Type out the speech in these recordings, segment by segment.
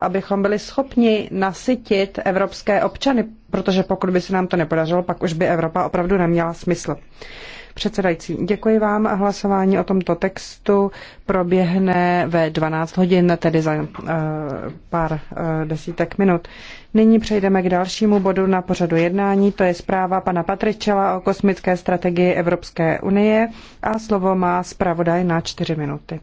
abychom byli schopni nasytit evropské občany, protože pokud by se nám to nepodařilo, pak už by Evropa opravdu neměla smysl. Předsedající, děkuji vám a hlasování o tomto textu proběhne ve 12 hodin, tedy za uh, pár uh, desítek minut. Nyní přejdeme k dalšímu bodu na pořadu jednání, to je zpráva pana Patričela o kosmické strategii Evropské unie a slovo má zpravodaj na 4 minuty.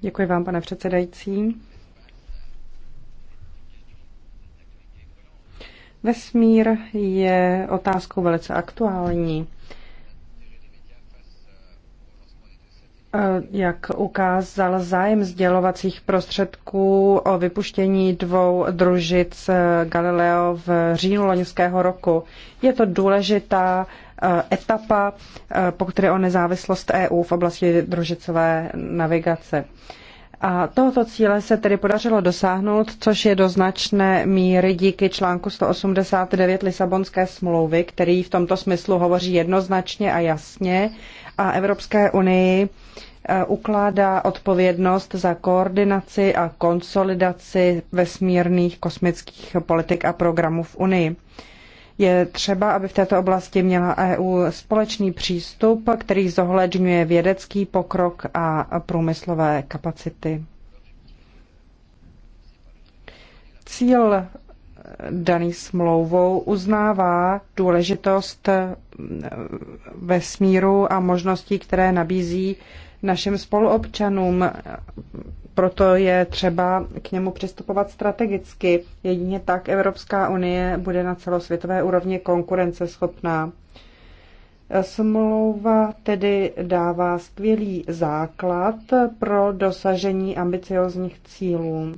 Děkuji vám, pane předsedající. Vesmír je otázkou velice aktuální. Eh, jak ukázal zájem sdělovacích prostředků o vypuštění dvou družic eh, Galileo v říjnu loňského roku. Je to důležitá eh, etapa, po které o nezávislost EU v oblasti družicové navigace. A tohoto cíle se tedy podařilo dosáhnout, což je do značné míry díky článku 189 Lisabonské smlouvy, který v tomto smyslu hovoří jednoznačně a jasně a Evropské unii eh, ukládá odpovědnost za koordinaci a konsolidaci vesmírných kosmických politik a programů v Unii. Je třeba, aby v této oblasti měla EU společný přístup, který zohledňuje vědecký pokrok a průmyslové kapacity. Cíl daný smlouvou uznává důležitost eh, vesmíru a možností, které nabízí našim spoluobčanům. Proto je třeba k němu přistupovat strategicky. Jedině tak Evropská unie bude na celosvětové úrovni konkurenceschopná. Smlouva tedy dává skvělý základ pro dosažení ambiciozních cílů.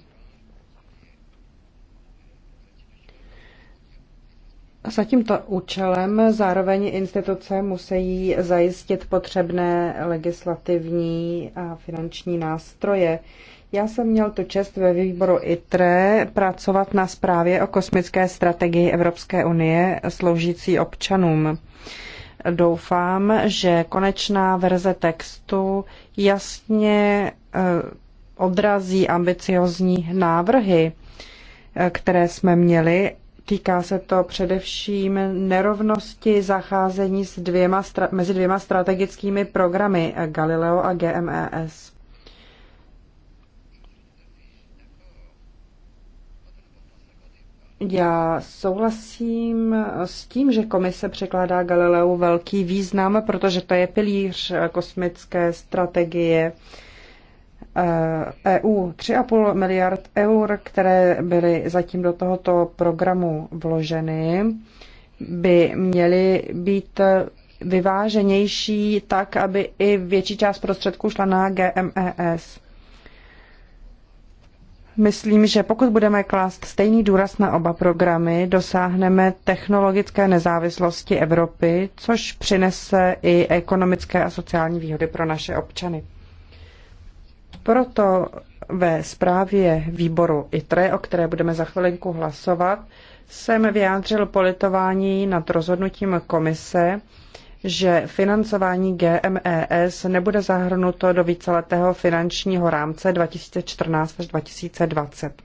Za tímto účelem zároveň instituce musí zajistit potřebné legislativní a finanční nástroje. Já jsem měl tu čest ve výboru ITRE pracovat na zprávě o kosmické strategii Evropské unie sloužící občanům. Doufám, že konečná verze textu jasně eh, odrazí ambiciozní návrhy, eh, které jsme měli Týká se to především nerovnosti zacházení s dvěma, mezi dvěma strategickými programy Galileo a GMES. Já souhlasím s tím, že komise překládá Galileu velký význam, protože to je pilíř kosmické strategie. Uh, EU eh, e 3,5 miliard eur, které byly zatím do tohoto programu vloženy, by měly být vyváženější tak, aby i větší část prostředků šla na GMES. Myslím, že pokud budeme klást stejný důraz na oba programy, dosáhneme technologické nezávislosti Evropy, což přinese i ekonomické a sociální výhody pro naše občany. Proto ve zprávě výboru ITRE, o které budeme za chvilinku hlasovat, jsem vyjádřil politování nad rozhodnutím komise, že financování GMES nebude zahrnuto do víceletého finančního rámce 2014 až 2020.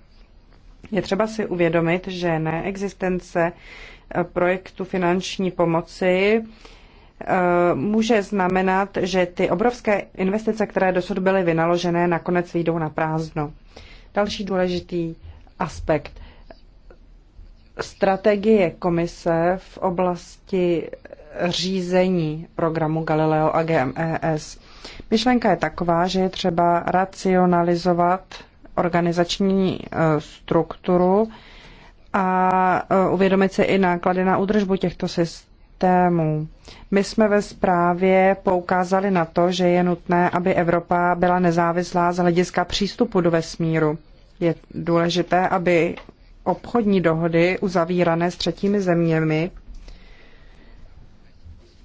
Je třeba si uvědomit, že neexistence projektu finanční pomoci Eh, může znamenat, že ty obrovské investice, které dosud byly vynaložené, nakonec výjdou na prázdno. Další důležitý aspekt. Strategie komise v oblasti řízení programu Galileo a GMES. Myšlenka je taková, že je třeba racionalizovat organizační eh, strukturu a eh, uvědomit si i náklady na údržbu těchto systémů systémů. My jsme ve zprávě poukázali na to, že je nutné, aby Evropa byla nezávislá z hlediska přístupu do vesmíru. Je důležité, aby obchodní dohody uzavírané s třetími zeměmi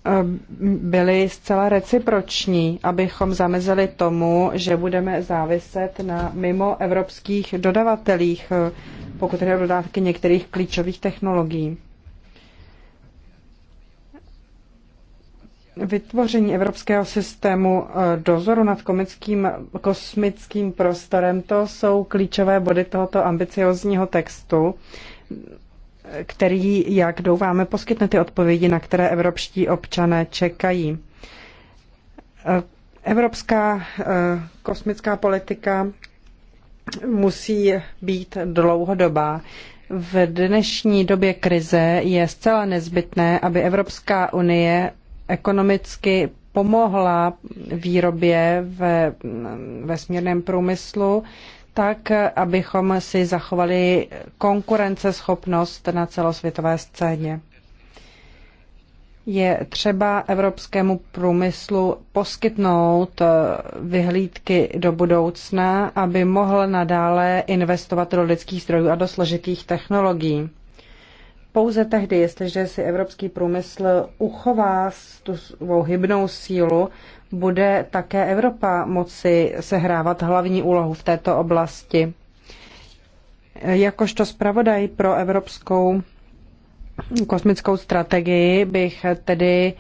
ehm, byly zcela reciproční, abychom zamezili tomu, že budeme záviset na mimo evropských dodavatelích, eh, pokud jde o dodávky některých klíčových technologií. Vytvoření evropského systému eh, dozoru nad komickým, kosmickým prostorem, to jsou klíčové body tohoto ambiciozního textu, který, jak doufáme, poskytne ty odpovědi, na které evropští občané čekají. Eh, evropská eh, kosmická politika musí být dlouhodobá. V dnešní době krize je zcela nezbytné, aby Evropská unie ekonomicky pomohla výrobě ve vesmírném průmyslu, tak, abychom si zachovali konkurenceschopnost na celosvětové scéně. Je třeba evropskému průmyslu poskytnout eh, vyhlídky do budoucna, aby mohl nadále investovat do lidských zdrojů a do složitých technologií pouze tehdy, jestliže si evropský průmysl uchová tu svou hybnou sílu, bude také Evropa moci sehrávat hlavní úlohu v této oblasti. Jakožto zpravodaj pro evropskou kosmickou strategii bych tedy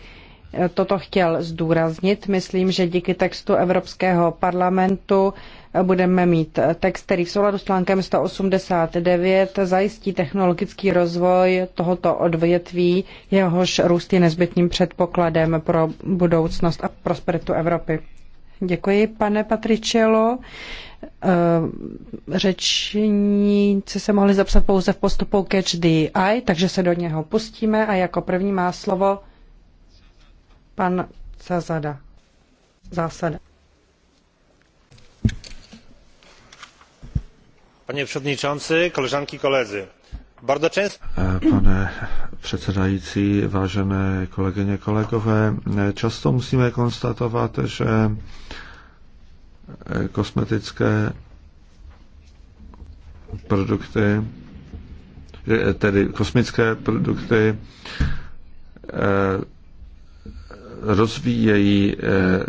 toto chtěl zdůraznit. Myslím, že díky textu Evropského parlamentu budeme mít text, který v souladu s článkem 189 zajistí technologický rozvoj tohoto odvětví, jehož růst je nezbytným předpokladem pro budoucnost a prosperitu Evropy. Děkuji, pane Patričelo. Eh, řečníci se mohli zapsat pouze v postupu Catch the Eye, takže se do něho pustíme a jako první má slovo pan Zazada. Zásada. Pane předsedající, koleżanki, koledzy. Bardzo często... E, Pane předsedající, vážené kolegyně, kolegové, často e, musíme konstatovat, že kosmetické produkty, e, tedy kosmické produkty, rozvíjejí, eh,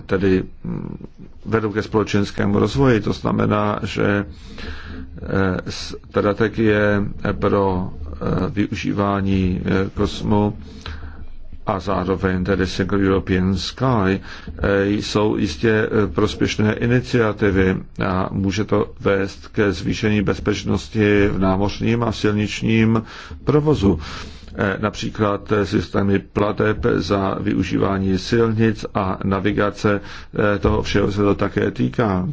tedy mm, vedou ke společenskému rozvoji. To znamená, že eh, strategie pro eh, využívání kosmu a zároveň tedy Single European Sky jsou jistě prospěšné iniciativy a může to vést ke zvýšení bezpečnosti v námořním a silničním provozu. Eh, například eh, systémy plateb za využívání silnic a navigace. Eh, toho všeho se to také týká.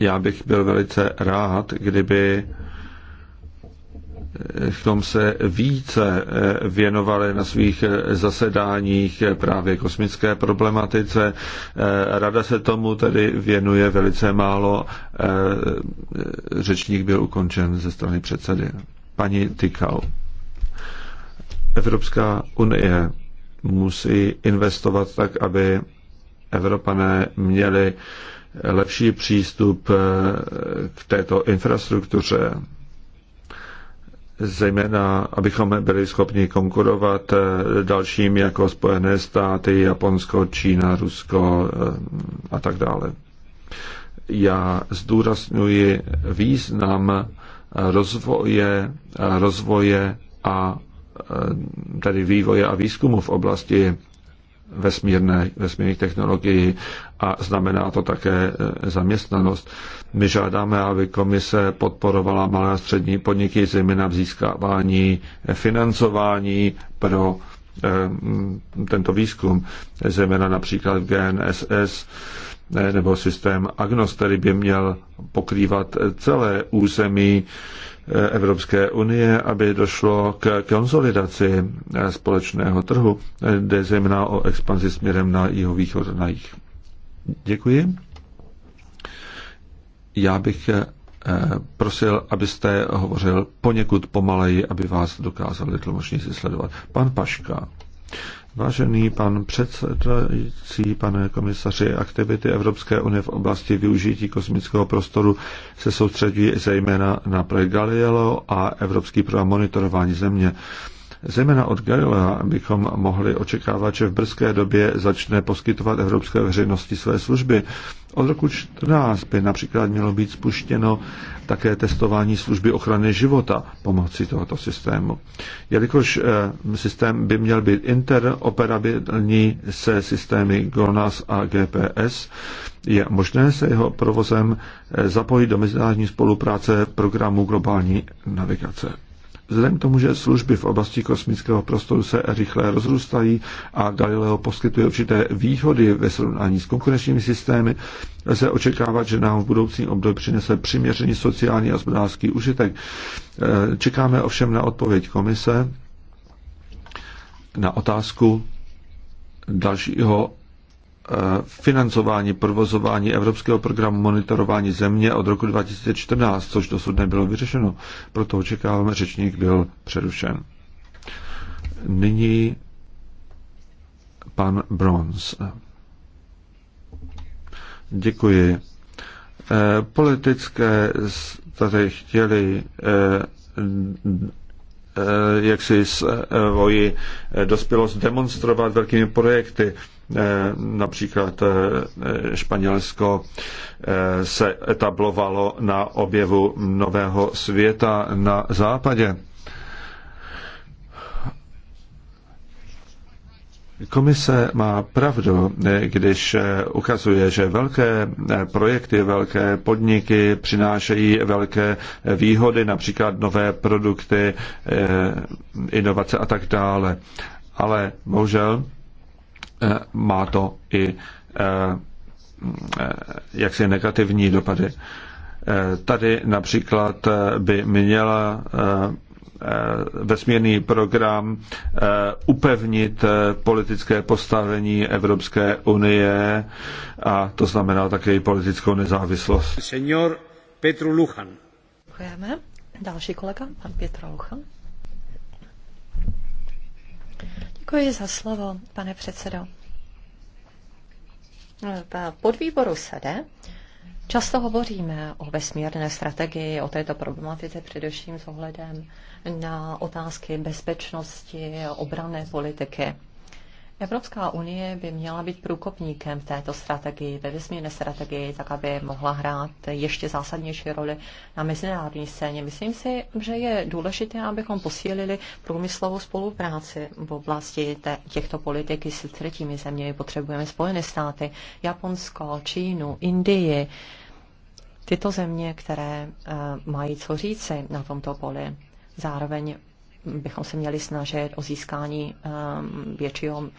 Já bych byl velice rád, kdyby v tom se více věnovali na svých zasedáních právě kosmické problematice. Rada se tomu tedy věnuje velice málo. Řečník byl ukončen ze strany předsedy. Paní Tykal. Evropská unie musí investovat tak, aby Evropané měli lepší přístup eh, k této infrastruktuře, zejména abychom byli schopni konkurovat eh, dalším jako Spojené státy, Japonsko, Čína, Rusko eh, a tak dále. Já zdůrazňuji význam rozvoje, rozvoje a Eh, tedy vývoje a výzkumu v oblasti vesmírné, vesmírných technologií a znamená to také eh, zaměstnanost. My žádáme, aby komise podporovala malé a střední podniky, zejména v získávání financování pro eh, tento výzkum, zejména například GNSS nebo systém Agnos, který by měl pokrývat celé území Evropské unie, aby došlo k konsolidaci společného trhu, jde zejména o expanzi směrem na jeho východ na jich. Děkuji. Já bych eh, prosil, abyste hovořil poněkud pomaleji, aby vás dokázali tlumočníci sledovat. Pan Paška. Vážený pan předsedající, pane komisaři, aktivity Evropské unie v oblasti využití kosmického prostoru se soustředí zejména na projekt Galileo a Evropský program monitorování země. Zejména od Galilea bychom mohli očekávat, že v brzké době začne poskytovat evropské veřejnosti své služby. Od roku 14 by například mělo být spuštěno také testování služby ochrany života pomocí tohoto systému. Jelikož eh, systém by měl být interoperabilní se systémy GONAS a GPS, je možné se jeho provozem eh, zapojit do mezinárodní spolupráce programu globální navigace. Vzhledem k tomu, že služby v oblasti kosmického prostoru se rychle rozrůstají a Galileo poskytuje určité výhody ve srovnání s konkurenčními systémy, Se očekávat, že nám v budoucím období přinese přiměřený sociální a hospodářský užitek. Eh, čekáme ovšem na odpověď komise na otázku dalšího financování provozování Evropského programu monitorování země od roku 2014, což dosud nebylo vyřešeno. Proto očekáváme, řečník byl přerušen. Nyní pan Bronz. Děkuji. Eh, politické tady chtěli eh, eh, jak si svoji dospělost demonstrovat velkými projekty. Eh, například eh, Španělsko eh, se etablovalo na objevu nového světa na západě. Komise má pravdu, když ukazuje, že velké projekty, velké podniky přinášejí velké výhody, například nové produkty, inovace a tak dále. Ale bohužel Eh, má to i eh, eh, jaksi negativní dopady. Tady například by měla vesmírný program upevnit politické postavení Evropské unie a to znamená také politickou nezávislost. Senior Petru Luchan. Děkujeme. Další kolega, pan Petr Luchan. Děkuji za slovo, pane předsedo. V podvýboru SEDE často hovoříme o vesmírné strategii, o této problematice především s ohledem na otázky bezpečnosti, obrané politiky. Evropská unie by měla být průkopníkem této strategii, ve vesmírné strategii, tak aby mohla hrát ještě zásadnější roli na mezinárodní scéně. Myslím si, že je důležité, abychom posílili průmyslovou spolupráci v oblasti těchto politiky s třetími zeměmi. Potřebujeme Spojené státy, Japonsko, Čínu, Indii, tyto země, které eh, mají co říci na tomto poli. Zároveň bychom se měli snažit o získání ehm, většího ehm,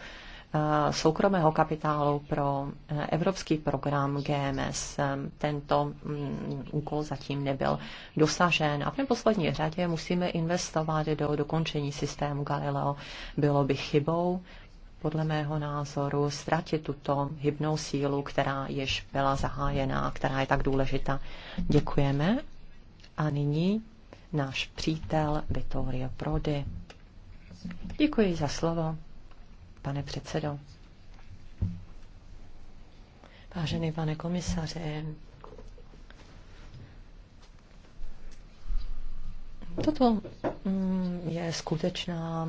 soukromého kapitálu pro eh, evropský program GMS. Ehm, tento mm, úkol zatím nebyl dosažen. A v poslední řadě musíme investovat do dokončení systému Galileo. Bylo by chybou, podle mého názoru, ztratit tuto hybnou sílu, která již byla zahájená, která je tak důležitá. Děkujeme. A nyní náš přítel Vittorio Prodi. Děkuji za slovo, pane předsedo. Vážený pane komisaři, toto mm, je skutečná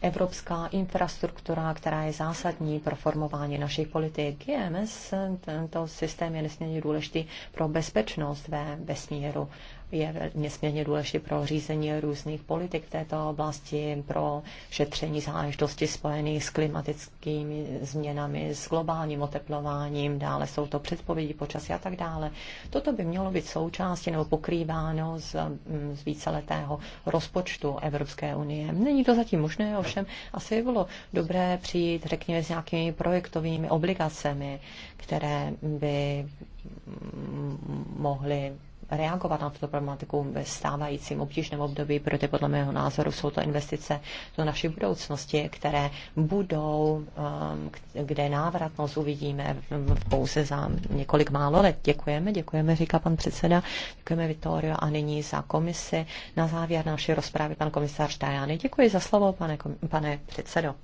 evropská infrastruktura, která je zásadní pro formování našich politik. GMS, tento systém je nesmírně důležitý pro bezpečnost ve vesmíru je nesmírně důležitý pro řízení různých politik v této oblasti, pro šetření záležitosti spojených s klimatickými změnami, s globálním oteplováním, dále jsou to předpovědi počasí a tak dále. Toto by mělo být součástí nebo pokrýváno z, mm, z víceletého rozpočtu Evropské unie. Není to zatím možné, ovšem asi by bylo dobré přijít, řekněme, s nějakými projektovými obligacemi, které by mm, mohly reagovat na tuto problematiku ve stávajícím obtížném období, protože podle mého názoru jsou to investice do naší budoucnosti, které budou, um, kde návratnost uvidíme pouze za několik málo let. Děkujeme, děkujeme, říká pan předseda. Děkujeme Vitorio, a nyní za komisi. Na závěr naší rozprávy pan komisař Tajany. Děkuji za slovo, pane, pane předsedo.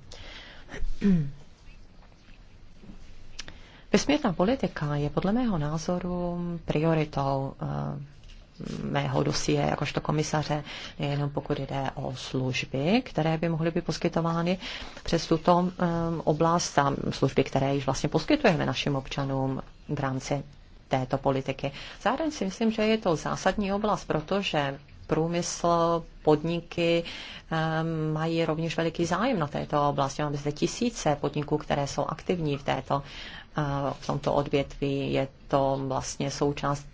Vesmírná politika je podle mého názoru prioritou eh, mého dosie jakožto komisaře, nejenom pokud jde o služby, které by mohly být poskytovány přes tuto eh, oblast a služby, které již vlastně poskytujeme našim občanům v rámci této politiky. Zároveň si myslím, že je to zásadní oblast, protože průmysl, podniky mají rovněž veliký zájem na této oblasti. Máme zde tisíce podniků, které jsou aktivní v, této, eh, v tomto odvětví. Je to vlastně součást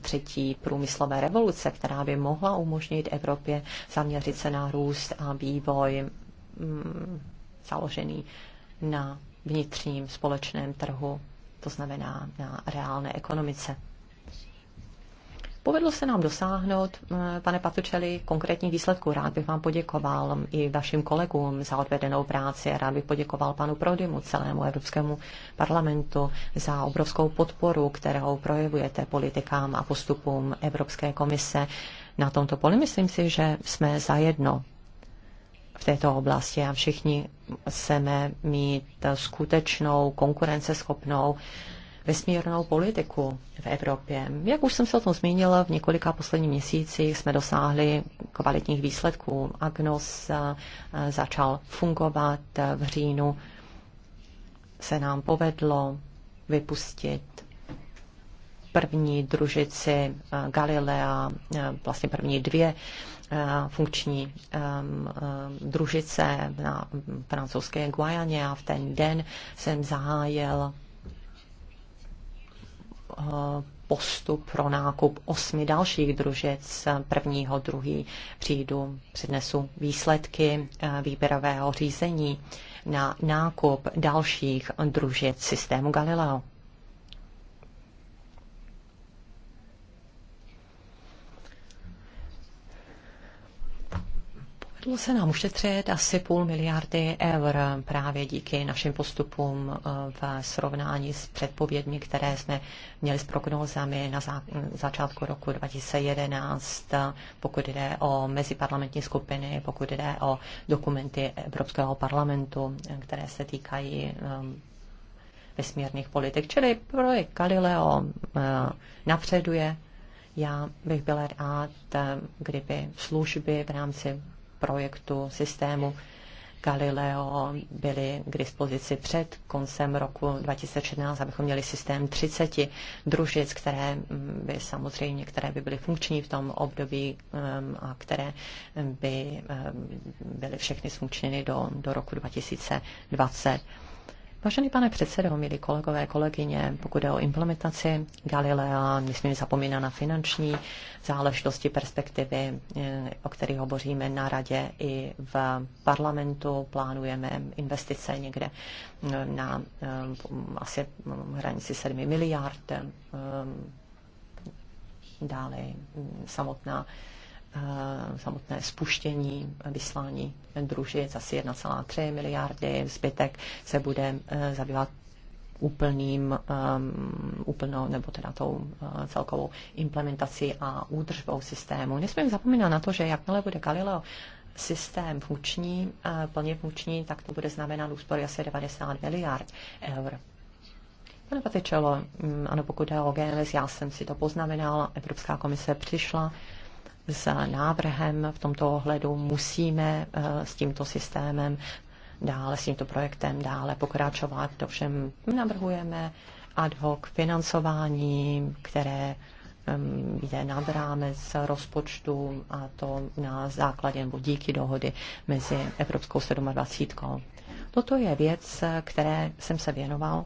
třetí průmyslové revoluce, která by mohla umožnit Evropě zaměřit se na růst a vývoj mm, založený na vnitřním společném trhu, to znamená na reálné ekonomice. Povedlo se nám dosáhnout, eh, pane Patučeli, konkrétní výsledku. Rád bych vám poděkoval i vašim kolegům za odvedenou práci. Rád bych poděkoval panu Prodymu, celému Evropskému parlamentu za obrovskou podporu, kterou projevujete politikám a postupům Evropské komise na tomto poli. Myslím si, že jsme zajedno v této oblasti a všichni chceme mít skutečnou konkurenceschopnou vesmírnou politiku v Evropě. Jak už jsem se o tom zmínila, v několika posledních měsících jsme dosáhli kvalitních výsledků. Agnos eh, eh, začal fungovat eh, v říjnu. Se nám povedlo vypustit první družici Galilea, vlastně první dvě funkční ehm, ehm, družice na francouzské Guajaně a v ten den jsem zahájil Eh, postup pro nákup osmi dalších družic Prvního, druhý přijdu, přednesu výsledky eh, výběrového řízení na nákup dalších družic systému Galileo. Podařilo se nám ušetřit asi půl miliardy eur právě díky našim postupům eh, v srovnání s předpovědmi, které jsme měli s prognózami na začátku roku 2011, pokud jde o meziparlamentní skupiny, pokud jde o dokumenty Evropského parlamentu, které se týkají eh, vesmírných politik. Čili projekt Galileo eh, napředuje já bych byl rád, kdyby služby v rámci projektu systému Galileo byly k dispozici před koncem roku 2016, abychom měli systém 30 družic, které mm, by samozřejmě, které by byly funkční v tom období mm, a které by mm, byly všechny zfunkčněny do, do roku 2020. Vážený pane předsedo, milí kolegové, kolegyně, pokud je o implementaci Galilea, nesmím zapomínat na finanční záležitosti, perspektivy, eh, o kterých hovoříme na radě i v parlamentu. Plánujeme investice někde eh, na eh, asi hranici 7 miliard. Dále mm, samotná Eh, samotné spuštění vyslání družic asi 1,3 miliardy, zbytek se bude eh, zabývat úplným, ehm, úplnou, nebo teda tou eh, celkovou implementací a údržbou systému. Nesmím zapomínat na to, že jakmile bude Galileo systém funkční, plně funkční, tak to bude znamenat úspory asi 90 miliard eur. Pane Patečelo, mm, ano, pokud jde o GNS, já jsem si to poznamenal, Evropská komise přišla s návrhem v tomto ohledu. Musíme eh, s tímto systémem dále, s tímto projektem dále pokračovat. To všem navrhujeme ad hoc financování, které jde nad rámec rozpočtu a to na základě nebo díky dohody mezi Evropskou 27. Toto je věc, eh, které jsem se věnoval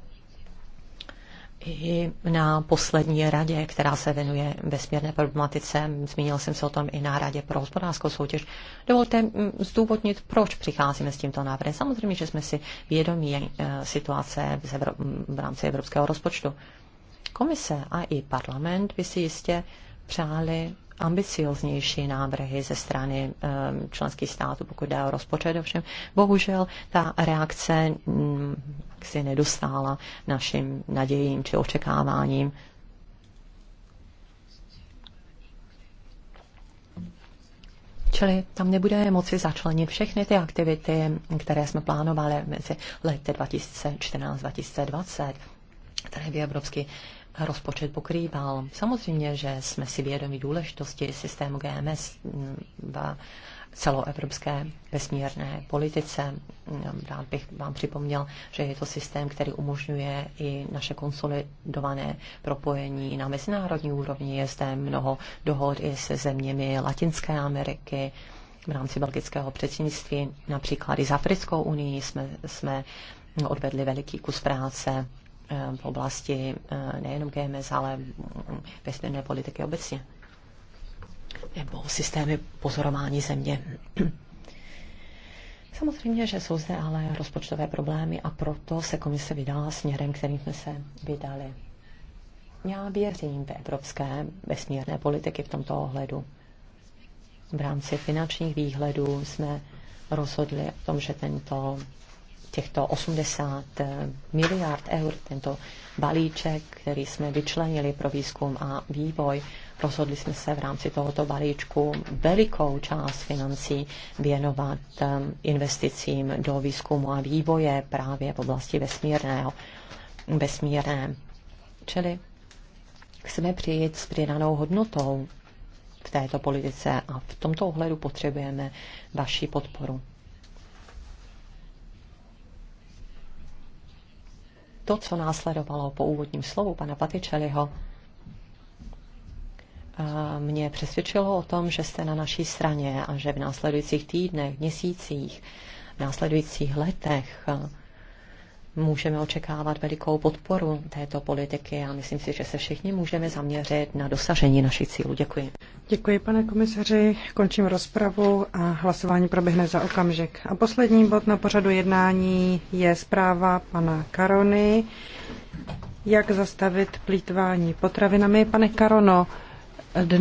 i na poslední radě, která se věnuje vesmírné problematice. Zmínil jsem se o tom i na radě pro hospodářskou soutěž. Dovolte zdůvodnit, proč přicházíme s tímto návrhem. Samozřejmě, že jsme si vědomí eh, situace v rámci evropského rozpočtu. Komise a i parlament by si jistě přáli ambicioznější návrhy ze strany ehm, členských států, pokud jde o rozpočet. Ovšem, bohužel ta reakce mm, si nedostála našim nadějím či očekáváním. Čili tam nebudeme moci začlenit všechny ty aktivity, které jsme plánovali mezi lety 2014-2020, které by Evropský rozpočet pokrýval. Samozřejmě, že jsme si vědomi důležitosti systému GMS v celoevropské vesmírné politice. Rád bych vám připomněl, že je to systém, který umožňuje i naše konsolidované propojení na mezinárodní úrovni. Je zde mnoho dohod i se zeměmi Latinské Ameriky, v rámci belgického předsednictví, například i s Africkou unii jsme, jsme odvedli veliký kus práce v oblasti eh, nejenom GMS, ale mm, vesmírné politiky obecně. Nebo systémy pozorování země. Samozřejmě, že jsou zde ale rozpočtové problémy a proto se komise vydala směrem, kterým jsme se vydali. Já věřím v evropské vesmírné politiky v tomto ohledu. V rámci finančních výhledů jsme rozhodli o tom, že tento těchto 80 eh, miliard eur, tento balíček, který jsme vyčlenili pro výzkum a vývoj, rozhodli jsme se v rámci tohoto balíčku velikou část financí věnovat eh, investicím do výzkumu a vývoje právě v oblasti vesmírného, vesmírné. Čili chceme přijít s přidanou hodnotou v této politice a v tomto ohledu potřebujeme vaši podporu. to, co následovalo po úvodním slovu pana Patičeliho, mě přesvědčilo o tom, že jste na naší straně a že v následujících týdnech, měsících, v následujících letech můžeme očekávat velikou podporu této politiky a myslím si, že se všichni můžeme zaměřit na dosažení našich cílů. Děkuji. Děkuji, pane komisaři. Končím rozpravu a hlasování proběhne za okamžik. A poslední bod na pořadu jednání je zpráva pana Karony. Jak zastavit plítvání potravinami? Pane Karono, dnes